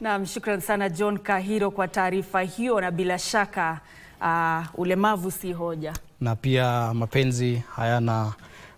Naam, shukran sana John Kahiro kwa taarifa hiyo, na bila shaka uh, ulemavu si hoja, na pia mapenzi hayana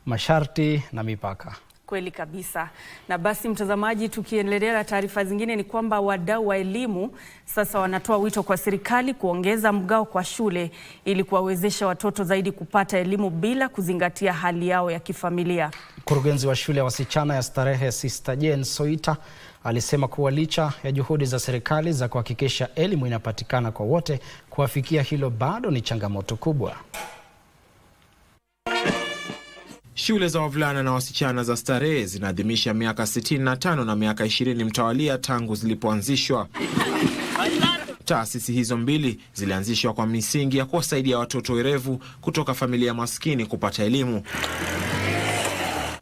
masharti na mipaka. Kweli kabisa. Na basi mtazamaji, tukiendelea na taarifa zingine ni kwamba wadau wa elimu sasa wanatoa wito kwa serikali kuongeza mgao kwa shule ili kuwawezesha watoto zaidi kupata elimu bila kuzingatia hali yao ya kifamilia. Mkurugenzi wa shule ya wasichana ya Starehe Sister Jane Soita alisema kuwa licha ya juhudi za serikali za kuhakikisha elimu inapatikana kwa wote, kuwafikia hilo bado ni changamoto kubwa. Shule za wavulana na wasichana za Starehe zinaadhimisha miaka 65 na miaka 20 mtawalia tangu zilipoanzishwa. Taasisi hizo mbili zilianzishwa kwa misingi ya kuwasaidia watoto werevu kutoka familia maskini kupata elimu.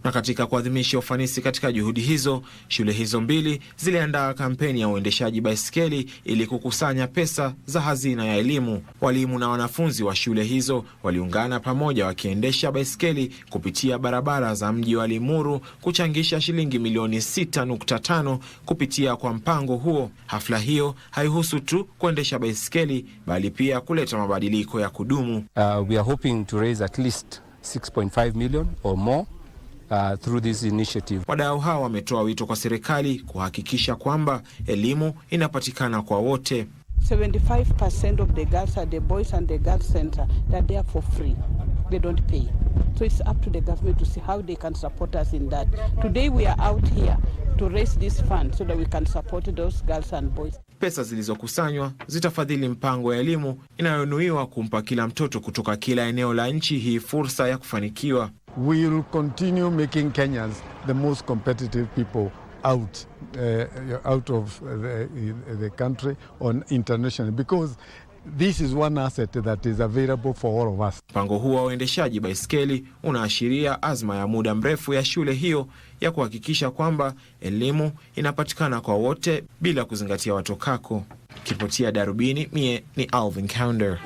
Na katika kuadhimisha ufanisi katika juhudi hizo, shule hizo mbili ziliandaa kampeni ya uendeshaji baiskeli ili kukusanya pesa za hazina ya elimu. Walimu na wanafunzi wa shule hizo waliungana pamoja wakiendesha baiskeli kupitia barabara za mji wa Limuru kuchangisha shilingi milioni 6.5 kupitia kwa mpango huo. Hafla hiyo haihusu tu kuendesha baiskeli bali pia kuleta mabadiliko ya kudumu. Uh, we are hoping to raise at least 6.5 million or more Uh, through this initiative. Wadau wametoa wito kwa serikali kuhakikisha kwamba elimu inapatikana kwa wote. 75% of the girls at the boys and the girls center that they are for free. They don't pay. So it's up to the government to see how they can support us in that. Today we are out here to raise this fund so that we can support those girls and boys. Pesa zilizokusanywa zitafadhili mpango ya elimu inayonuiwa kumpa kila mtoto kutoka kila eneo la nchi hii fursa ya kufanikiwa will continue making Kenyans the most competitive people out, uh, out of the, the country on international because This is one asset that is available for all of us. Mpango huo wa uendeshaji baiskeli unaashiria azma ya muda mrefu ya shule hiyo ya kuhakikisha kwamba elimu inapatikana kwa wote bila kuzingatia watokako. Kipotia Darubini, mie ni Alvin Kounder.